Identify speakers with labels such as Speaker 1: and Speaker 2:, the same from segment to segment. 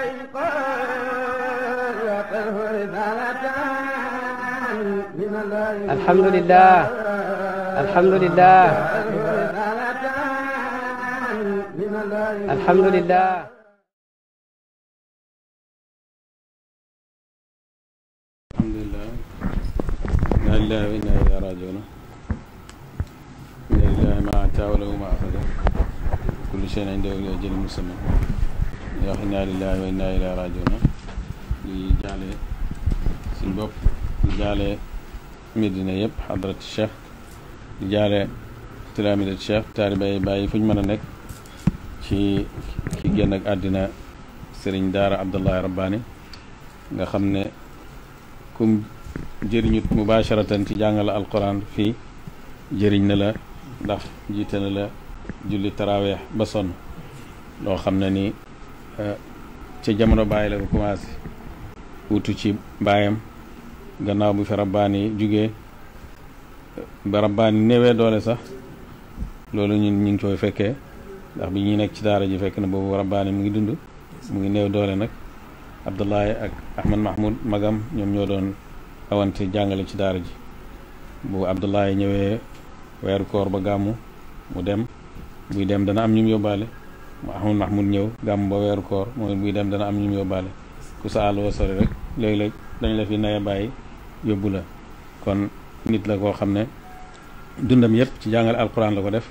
Speaker 1: alhamdulilah alhamdulilah alhamdulilah. inna lillahi wa inna ilayhi raaji'uun inna lillahi ma a'taa wa lahu ma akhadha kullu shay'in 'indahu bi ajalin musamman di wax inna lillahi wa inna ilayhi rajiuna di jaale suñ bopp di jaale Medina yëpp xadrati cheikh di jaale tilamidati cheikh taalibay bàyyi fu ñu mën a nekk ci ci àddina sëriñ daara Abdullahi Rabbani nga xam ne kum jëriñut mubasharatan ci jàngale alquran fii jëriñ na la ndax jiite na la julli taraaweex ba sonn loo xam ne ni ca jamono bàyyi la ko commencé wutu ci baayam gannaaw bu fi rabbaani jógee ba rabbaani neewee doole sax loolu ñu ñu ngi koy fekkee ndax bi ñuy nekk ci daara ji fekk na boobu rabbaani mu ngi dund mu ngi néew doole nag Abdullahi ak Ahmad Mahmoud magam ñoom ñoo doon awante jàngale ci daara ji bu Abdullahi ñëwee weeru koor ba gàmmu mu dem buy dem dana am ñu yóbbaale mu Ahmad Mahmoud ñëw gàmm ba weeru koor mooy buy dem dana am ñu mu yóbbaale ku sa àll sori rek léeg-léeg dañ la fi naye bàyyi yóbbu la kon nit la koo xam ne dundam yëpp ci jàngale alquran la ko def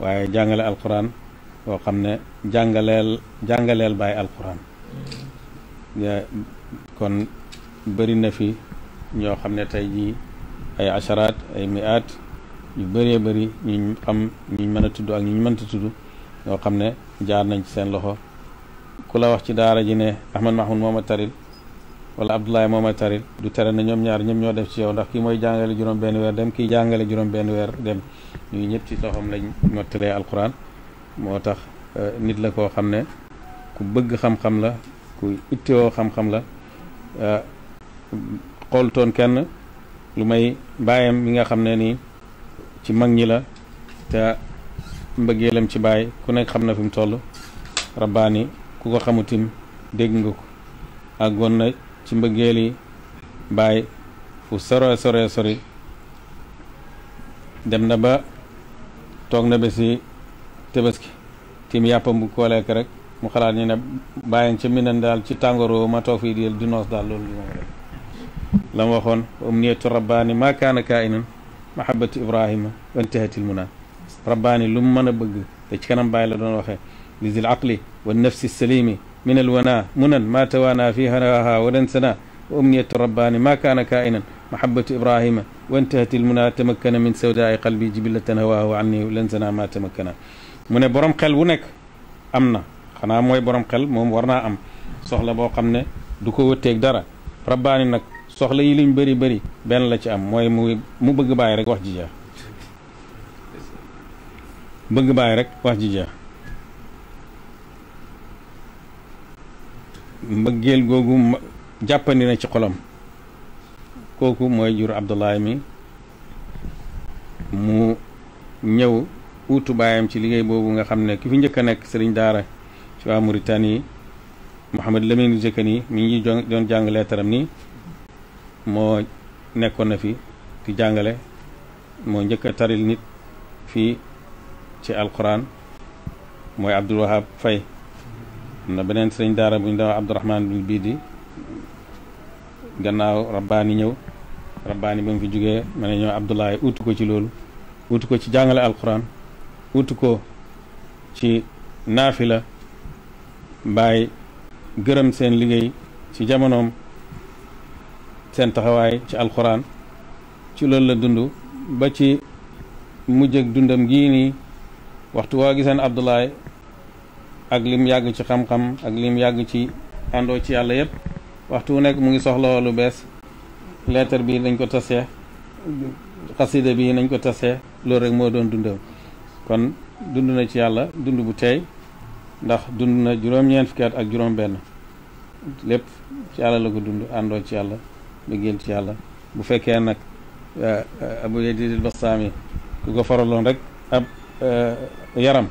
Speaker 1: waaye jàngale alquran koo xam ne jàngaleel jàngaleel bàyyi kon bëri na fi ñoo xam ne tey jii ay asharaat ay mi'aat yu bëree bëri ñu xam ñu mën a tudd ak ñu mënta tudd ñoo xam ne jaar nañ ci seen loxo ku la wax ci daara ji ne Ahmad Mahmoud mooma taril wala moom a taril du tere na ñoom ñaar ñoom ñoo def ci yow ndax kii mooy jàngale juróom benn weer dem kii jàngale juróom benn weer dem ñuy ñëpp ci loxoom lañ mottalee alquran moo tax euh, nit la koo xam ne ku bëgg xam-xam la ku ittewoo xam-xam la euh, xoolutoon kenn lu may bàyyam mi nga xam ne nii ci mag ñi la te mbëggeelam ci baay ku nekk xam na fi mu toll rabbaani ku ko xamutim dégg nga ko ak na ci mbëggeeli baay fu sore sore sori dem na ba toog na ba si tëbaski tim yàppam bu ko rek mu xalaat ñu ne bàyyi ca minan daal ci tàngooroo ma toog fii di di noos daal loolu la mu waxoon wa umniyatu rabbaani maa kaana kaa'inan mahabbatu ibrahima wa intahatil munaa rabbaani lu mu mën a bëgg te ci kanam bàyyi la doon waxee li zil aqli wa nafsi salimi min al wana munan maa tawaana fi hanawaha wa dansana wa umniyatu rabbaani maa kaana kaainan mahabatu ibrahima wa intahat il muna tamakkana min sawdaai qalbi jibilatan hawaahu anni lansana maa tamakkana mu ne borom xel wu nekk am na xanaa mooy borom xel moom war naa am soxla boo xam ne du ko wëtteeg dara rabbaani nag soxla yi liñ bëri bëri benn la ci am mooy mu mu bëgg bàyyi rek wax ji jeex bëgg bàyyi rek wax ji jeex mbëggeel googu jàppandi na ci xolom kooku mooy jur Abdoulaye mi mu ñëw uutu baayam ci liggéey boobu nga xam ne ki fi njëkk a nekk sëriñ daara ci waa Mauritanie Mouhamed Lamine Jëkkani mi ngi doon jàng leetaram nii moo nekkoon na fi ki jàngale moo njëkk taril nit fii ci alquran mooy Abdul Wahab am na beneen sëriñ daara bu ñu daw Abdourahman bil bii di gannaaw rabbaani ñëw rabbaani ba mu fi jógee ma ne ñoo Abdoulaye uutu ko ci loolu uutu ko ci jàngale alquran uutu ko ci naafila bàyyi gërëm seen liggéey ci jamonoom seen taxawaay ci alxuraan ci loolu la dund ba ci mujj ak dundam gii nii waxtu waa giseen Abdoulaye ak lim yàgg ci xam-xam ak lim yàgg ci àndoo ci yàlla yépp waxtu wu nekk mu ngi soxlawalu bees lettre bii nañ ko tasee xasida bi nañ ko tasee loolu rek moo doon dundam kon dund na ci yàlla dund bu tey ndax dund na juróom-ñeent fukki ak juróom-benn lépp ci yàlla la ko dund àndoo ci yàlla liggéeyal ci yàlla bu fekkee nag eh, eh, Abu Yazid al-Bastami ku ko faraloon rek ab Euh, yaram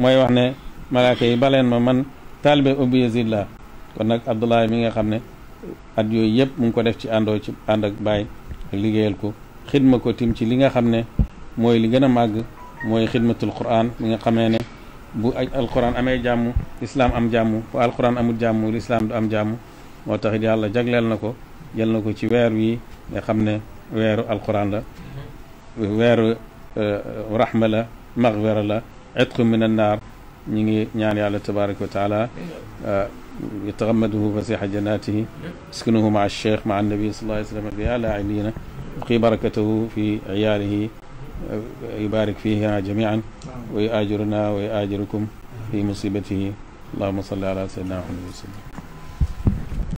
Speaker 1: mooy wax ne malaaka yi baleen ma man taalibe Abu Yazid la kon nag Abdoulaye mi nga xam ne at yooyu yëpp mu ngi ko def ci àndoo ci ànd ak baay liggéeyal ko xidma ko tim ci li nga xam ne mooy li gën a màgg mooy xidmatul quran mi nga xamee ne bu alquran amee jàmm lislaam am jàmm bu alquran amul jàmm lislaam du am jàmm moo tax it yàlla jagleel na ko jël na ko ci weer wi nga xam ne weeru alquran la weeru euh, rahma la maxfira la itqu min annaar ñi ngi ñaan yàlla tabaraka wa taala uh, yataxammaduhu fasiha jannatihi askunuhu maa cheikh maa annabi sallallahu alayhi wa sallam bi ala alina abqi barakatahu fi iyaalihi uh, yubarik fiha jamian wa yuajiruna wa yuajirukum fi musibatihi allahuma salli ala sayyidina muhammad wa sallam